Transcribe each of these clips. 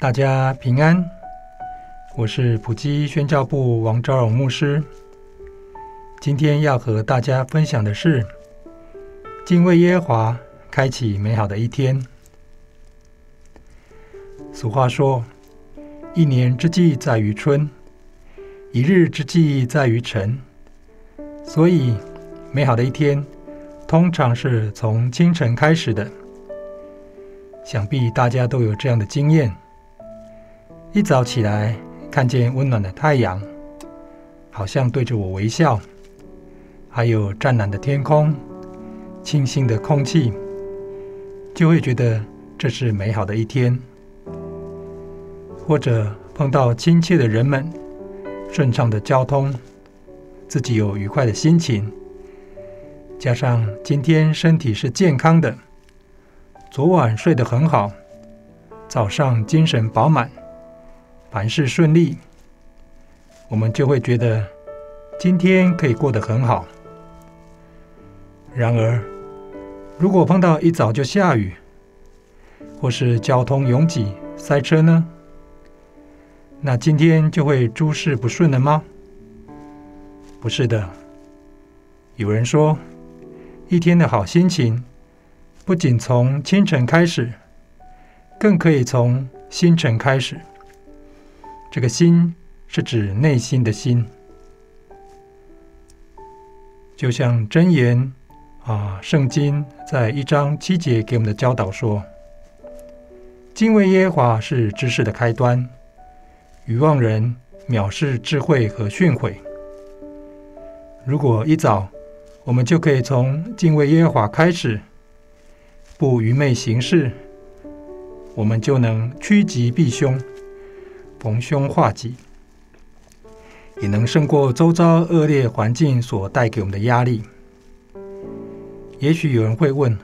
大家平安，我是埔基宣教部王昭榮牧師。今天要和大家分享的是敬畏耶和華，開啟美好的一天。俗話說：“一年之計在於春，一日之計在於晨。”所以，美好的一天通常是從清晨開始的。想必大家都有這樣的經驗。一早起來，看見溫暖的太陽，好像對着我微笑，還有湛藍的天空、清新的空氣，就會覺得這是美好的一天。或者碰到親切的人們，順暢的交通，自己有愉快的心情，加上今天身體是健康的，昨晚睡得很好，早上精神飽滿。凡事順利，我們就會覺得今天可以過得很好。然而，如果碰到一早就下雨，或是交通擁擠塞車呢？那今天就會諸事不順了嗎？不是的。有人說，一天的好心情不僅從清晨開始，更可以從星辰開始。這個心是指內心的心，就像箴言啊，聖經在一章七節給我們的教導說：“敬畏耶和華是知識的開端，愚妄人藐視智慧和訓誨。”如果一早我們就可以從敬畏耶和華開始，不愚昧行事，我們就能趨吉避凶。逢凶化吉，也能勝過周遭惡劣環境所帶給我們的壓力。也許有人會問：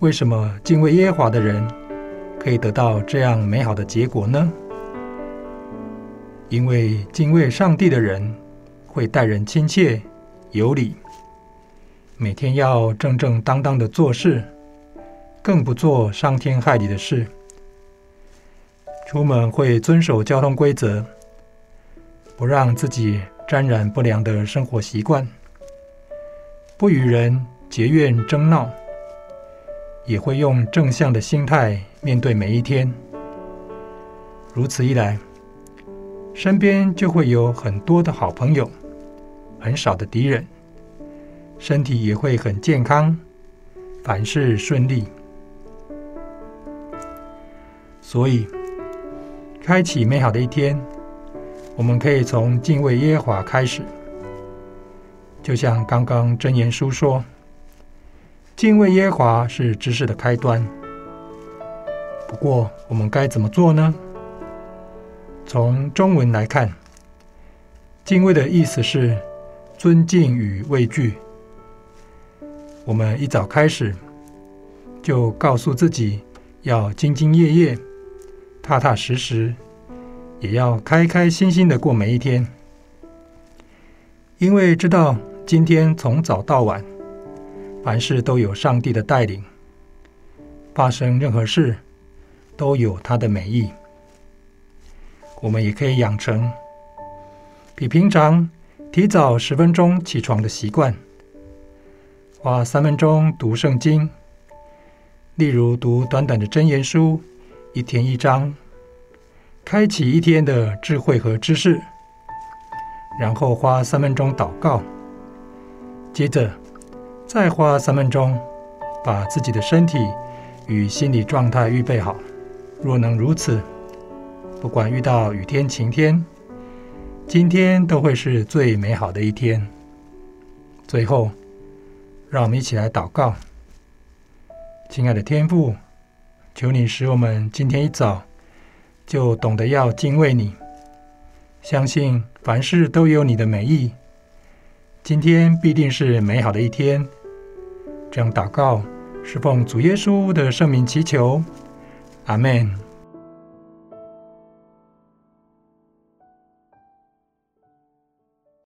為什麼敬畏耶和華的人可以得到這樣美好的結果呢？因為敬畏上帝的人會待人親切，有禮，每天要正正當當的做事，更不做傷天害理的事。出門會遵守交通規則，不讓自己沾染不良的生活習慣，不與人結怨爭鬧，也會用正向的心態面對每一天。如此一來，身邊就會有很多的好朋友，很少的敵人，身體也會很健康，凡事順利。所以，開啟美好的一天，我們可以從敬畏耶和華開始，就像剛剛箴言書說，敬畏耶和華是知識的開端。不過，我們該怎麼做呢？從中文來看，敬畏的意思是尊敬與畏懼。我們一早開始，就告訴自己要兢兢業業。踏踏實實，也要開開心心的過每一天，因為知道今天從早到晚，凡事都有上帝的帶領，發生任何事都有他的美意。我們也可以養成比平常提早十分鐘起床的習慣，花三分鐘讀聖經，例如讀短短的箴言書。一天一章，開啟一天的智慧和知識，然後花三分鐘禱告，接着再花三分鐘把自己的身體與心理狀態預備好。若能如此，不管遇到雨天晴天，今天都會是最美好的一天。最後，讓我們一起來禱告，親愛的天父。求你使我們今天一早就懂得要敬畏你，相信凡事都有你的美意。今天必定是美好的一天。這樣禱告是奉主耶穌的聖名祈求。阿門。